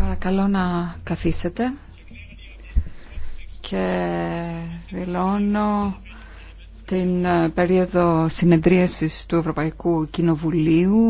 Παρακαλώ να καθίσετε και δηλώνω την ε, περίοδο συνεδρίασης του Ευρωπαϊκού Κοινοβουλίου